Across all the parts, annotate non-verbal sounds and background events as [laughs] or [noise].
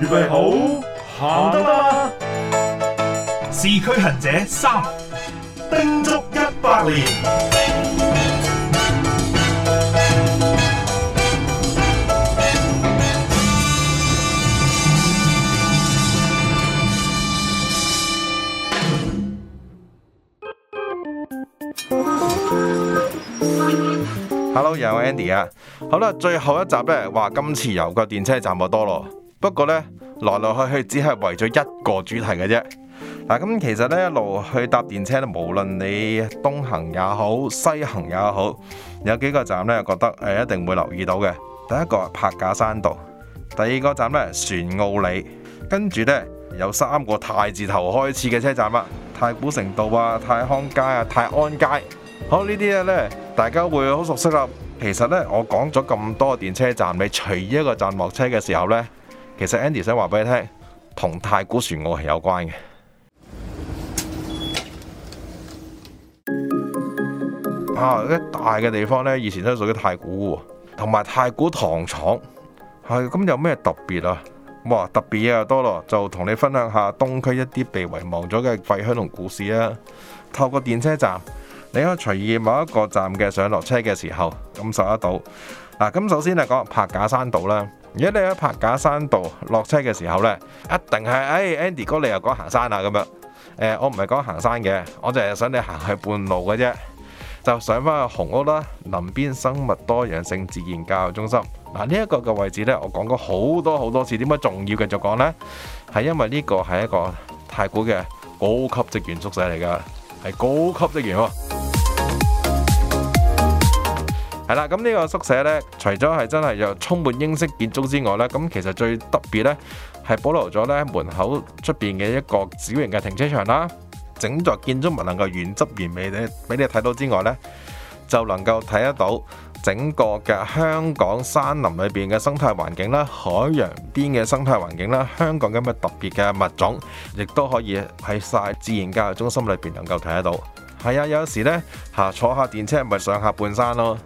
預備好行得啦嘛？市區行者三叮足一百年。Hello，又係 Andy 啊！好啦，最後一集咧，話今次遊個電車站就咁多咯。不過呢，來來去去只係為咗一個主題嘅啫。嗱、啊，咁其實呢，一路去搭電車呢，無論你東行也好，西行也好，有幾個站呢，覺得誒、呃、一定會留意到嘅。第一個係柏架山道，第二個站呢，船澳里，跟住呢，有三個太字頭開始嘅車站啊，太古城道啊、太康街啊、太安街。好，呢啲呢，大家會好熟悉啦。其實呢，我講咗咁多電車站，你隨意一個站落車嘅時候呢。其實 Andy 想話俾你聽，同太古船澳係有關嘅。啊，一大嘅地方呢，以前都屬於太古喎，同埋太古糖廠，係咁有咩特別啊？哇，特別嘢又多咯，就同你分享下東區一啲被遺忘咗嘅廢墟同故事啊！透過電車站，你可以隨意某一個站嘅上落車嘅時候感受得到。嗱、啊，咁首先嚟講柏架山道啦。如果你喺柏架山道落車嘅時候咧，一定係誒，Andy 哥，你又講行山啊。咁樣誒，我唔係講行山嘅，我就係想你行去半路嘅啫，就上翻去紅屋啦。林邊生物多樣性自然教育中心嗱，呢一個嘅位置咧，我講過好多好多次，點解仲要繼續講咧？係因為呢個係一個太古嘅高級職員宿舍嚟噶係高級職員。係啦，咁呢個宿舍呢，除咗係真係有充滿英式建築之外呢，咁其實最特別呢，係保留咗呢門口出邊嘅一個小型嘅停車場啦。整座建築物能夠原汁原味地俾你睇到之外呢，就能夠睇得到整個嘅香港山林裏邊嘅生態環境啦、海洋邊嘅生態環境啦、香港咁嘅特別嘅物種，亦都可以喺晒自然教育中心裏邊能夠睇得到。係啊，有時呢，嚇坐下電車咪上下半山咯。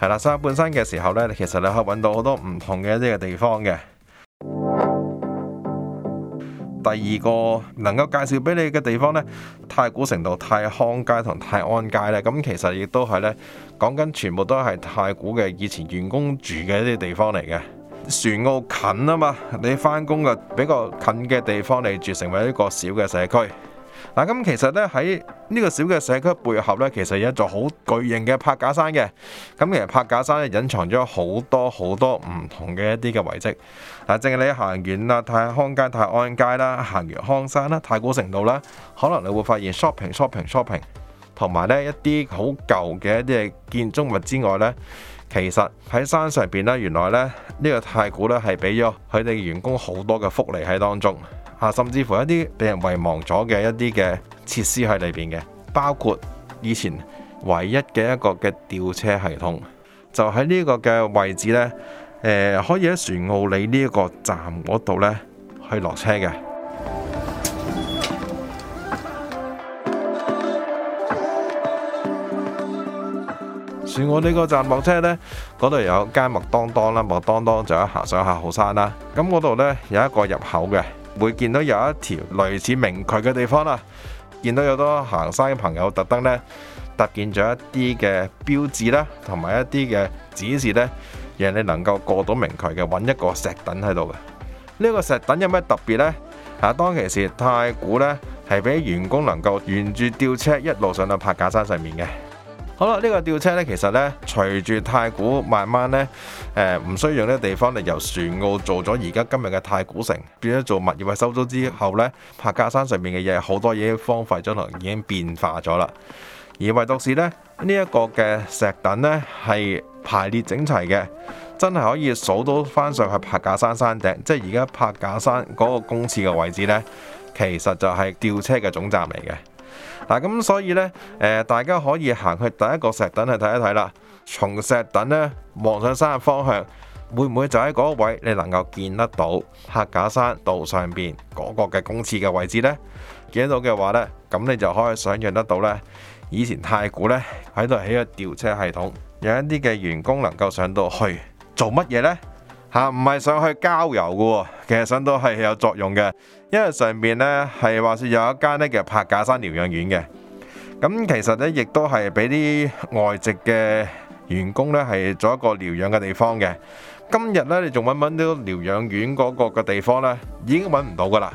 係啦，上半山嘅時候呢，其實你可以搵到好多唔同嘅一啲嘅地方嘅。第二個能夠介紹俾你嘅地方呢，太古城道、太康街同太安街呢，咁其實亦都係呢，講緊全部都係太古嘅以前員工住嘅一啲地方嚟嘅。船澳近啊嘛，你翻工嘅比較近嘅地方，你住，成為一個小嘅社區。嗱，咁其實咧，喺呢個小嘅社區背後呢，其實有一座好巨型嘅柏架山嘅。咁其實柏架山咧，隱藏咗好多好多唔同嘅一啲嘅遺跡。嗱，正係你行完啦，太康街、太安街啦，行完康山啦、太古城道啦，可能你會發現 shopping、shopping、shopping，同埋呢一啲好舊嘅一啲嘅建築物之外呢，其實喺山上邊呢，原來呢，呢個太古呢，係俾咗佢哋員工好多嘅福利喺當中。甚至乎一啲俾人遺忘咗嘅一啲嘅設施喺裏邊嘅，包括以前唯一嘅一個嘅吊車系統，就喺呢個嘅位置呢，誒，可以喺船澳裏呢一個站嗰度呢去落車嘅。船澳呢個站落車呢，嗰度有間麥當當啦，麥當當就一行上下後山啦。咁嗰度呢，有一個入口嘅。會見到有一條類似明渠嘅地方啦，見到有多行山嘅朋友特登呢，搭建咗一啲嘅標誌啦，同埋一啲嘅指示呢，讓你能夠過到明渠嘅揾一個石凳喺度嘅。呢、這個石凳有咩特別呢？啊，當其時太古呢係俾員工能夠沿住吊車一路上到柏架山上面嘅。好啦，呢、這個吊車呢，其實呢，隨住太古慢慢呢，誒、呃，唔需要呢啲地方，嚟由船澳做咗而家今日嘅太古城，變咗做物業去收租之後呢，柏架山上面嘅嘢，好多嘢荒廢咗，可已經變化咗啦。而唯獨是呢，這個，呢一個嘅石凳呢，係排列整齊嘅，真係可以數到翻上去柏架山山頂，即係而家柏架山嗰個公廁嘅位置呢，其實就係吊車嘅總站嚟嘅。嗱，咁所以咧，誒，大家可以行去第一個石磴去睇一睇啦。從石磴咧望上山嘅方向，會唔會就喺嗰個位你能夠見得到柏架山道上邊嗰個嘅公廁嘅位置咧？見得到嘅話咧，咁你就可以想象得到咧，以前太古咧喺度起個吊車系統，有一啲嘅員工能夠上到去做乜嘢咧？吓，唔係上去郊遊嘅，其實上到係有作用嘅，因為上面咧係話說有一間咧叫柏架山療養院嘅，咁其實咧亦都係俾啲外籍嘅員工咧係做一個療養嘅地方嘅。今日咧你仲搵唔搵到療養院嗰個嘅地方咧？已經搵唔到噶啦。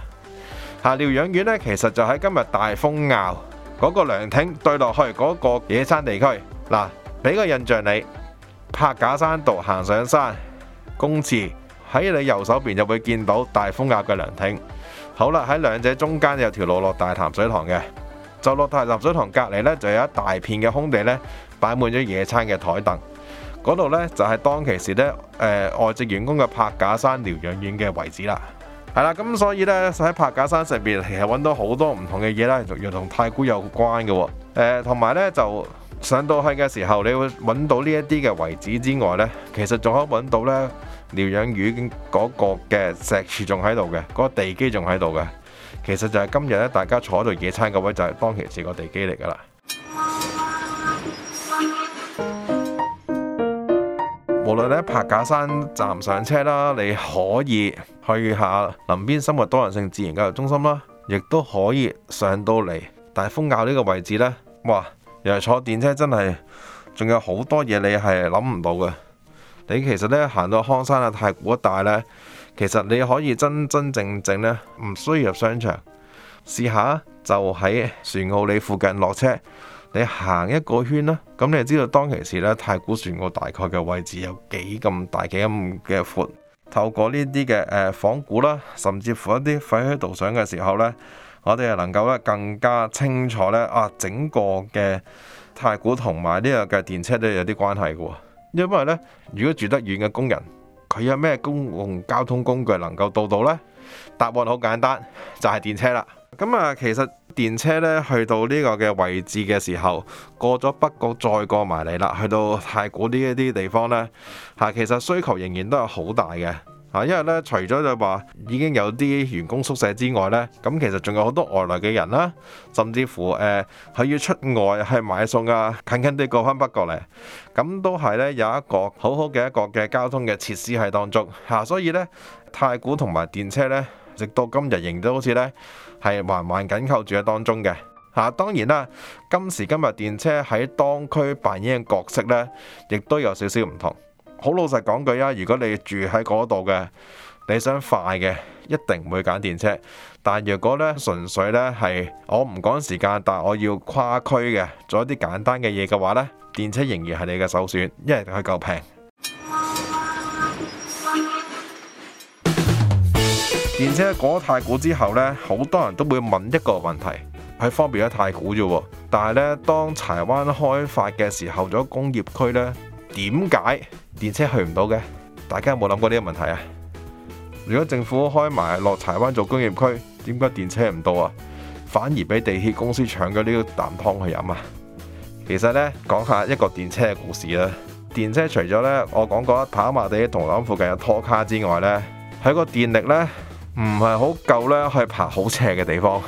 吓，療養院咧其實就喺今日大風坳嗰個涼亭對落去嗰個野餐地區。嗱，俾個印象你，柏架山道行上山。公廁喺你右手邊就會見到大風坳嘅涼亭。好啦，喺兩者中間有條路落大潭水塘嘅。就落大潭水塘隔籬呢，就有一大片嘅空地呢，擺滿咗野餐嘅台凳。嗰度呢，就係、是、當其時呢誒、呃，外籍員工嘅柏架山療養院嘅位置啦。係啦，咁所以呢，喺柏架山上邊其實揾到好多唔同嘅嘢啦，仲要同太古有關嘅。誒、呃，同埋呢，就。上到去嘅時候，你會揾到呢一啲嘅遺址之外呢，其實仲可以揾到呢療養院嗰個嘅石柱仲喺度嘅，嗰、嗰個地基仲喺度嘅。其實就係今日呢大家坐喺度野餐嘅位就係當其時個地基嚟噶啦。無論呢柏架山站上車啦，你可以去下林邊生物多樣性自然教育中心啦，亦都可以上到嚟大風坳呢個位置呢。哇！又坐電車真係，仲有好多嘢你係諗唔到嘅。你其實咧行到康山啊太古一帶咧，其實你可以真真正正咧唔需要入商場，試下就喺船澳里附近落車，你行一個圈啦，咁你係知道當其時咧太古船澳大概嘅位置有幾咁大幾咁嘅闊。透過呢啲嘅誒仿古啦，甚至乎一啲廢墟導賞嘅時候咧。我哋又能夠咧更加清楚咧啊整個嘅太古同埋呢個嘅電車都有啲關係嘅喎，因為咧如果住得遠嘅工人，佢有咩公共交通工具能夠到到呢？答案好簡單，就係、是、電車啦。咁、嗯、啊，其實電車咧去到呢個嘅位置嘅時候，過咗北角再過埋嚟啦，去到太古呢一啲地方呢，嚇、啊、其實需求仍然都有好大嘅。啊，因為咧，除咗就話已經有啲員工宿舍之外咧，咁其實仲有好多外來嘅人啦，甚至乎誒，佢要出外去買餸啊，近近地過返北角嚟，咁都係咧有一個好好嘅一個嘅交通嘅設施喺當中。嚇，所以咧，太古同埋電車咧，直到今日仍都好似咧係環環緊扣住喺當中嘅。嚇，當然啦，今時今日電車喺當區扮演嘅角色咧，亦都有少少唔同。好老實講句啊！如果你住喺嗰度嘅，你想快嘅，一定唔會揀電車。但若果咧，純粹咧係我唔趕時間，但係我要跨區嘅，做一啲簡單嘅嘢嘅話咧，電車仍然係你嘅首選，因為佢夠平。電車過咗太古之後咧，好多人都會問一個問題：係方便咗太古啫喎。但係咧，當柴灣開發嘅時候，咗工業區咧，點解？電車去唔到嘅，大家有冇諗過呢個問題啊？如果政府開埋落柴灣做工業區，點解電車唔到啊？反而俾地鐵公司搶咗呢個啖湯去飲啊？其實呢，講下一個電車嘅故事啦。電車除咗呢，我講過跑馬地銅鑼灣附近有拖卡之外呢，喺個電力呢，唔係好夠呢去爬好斜嘅地方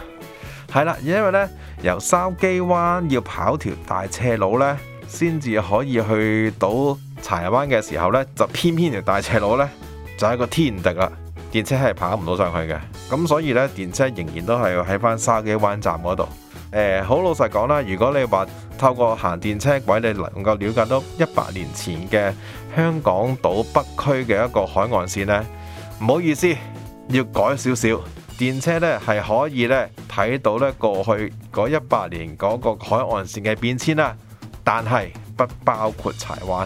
係啦。因為呢，由筲箕灣要跑條大斜路呢，先至可以去到。柴灣嘅時候呢，就偏偏條大斜路呢，就係個天敵啦，電車係跑唔到上去嘅。咁所以呢，電車仍然都係喺返筲箕灣站嗰度。誒、欸，好老實講啦，如果你話透過行電車軌，你能夠了解到一百年前嘅香港島北區嘅一個海岸線呢，唔好意思，要改少少。電車呢，係可以呢睇到呢過去嗰一百年嗰個海岸線嘅變遷啦，但係不包括柴灣。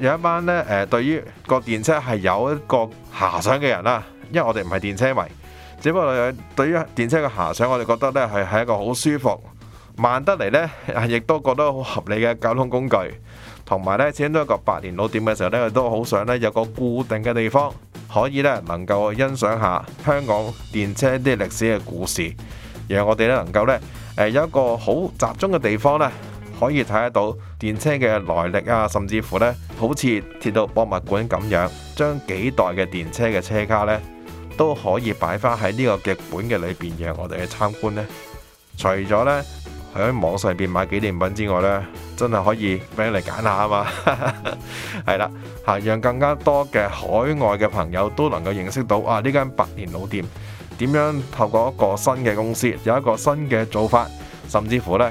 有一班咧誒，對於個電車係有一個遐想嘅人啦，因為我哋唔係電車迷，只不過對於電車嘅遐想，我哋覺得咧係係一個好舒服、慢得嚟咧，亦都覺得好合理嘅交通工具。同埋咧，始終一個百年老店嘅時候咧，佢都好想咧有個固定嘅地方，可以咧能夠欣賞下香港電車啲歷史嘅故事，讓我哋咧能夠咧誒有一個好集中嘅地方啦。可以睇得到電車嘅來歷啊，甚至乎呢，好似鐵道博物館咁樣，將幾代嘅電車嘅車卡呢，都可以擺翻喺呢個劇本嘅裏邊，讓我哋去參觀呢，除咗呢，喺網上邊買紀念品之外呢，真係可以俾你嚟揀下啊嘛。係 [laughs] 啦，嚇，讓更加多嘅海外嘅朋友都能夠認識到啊呢間百年老店點樣透過一個新嘅公司有一個新嘅做法，甚至乎呢。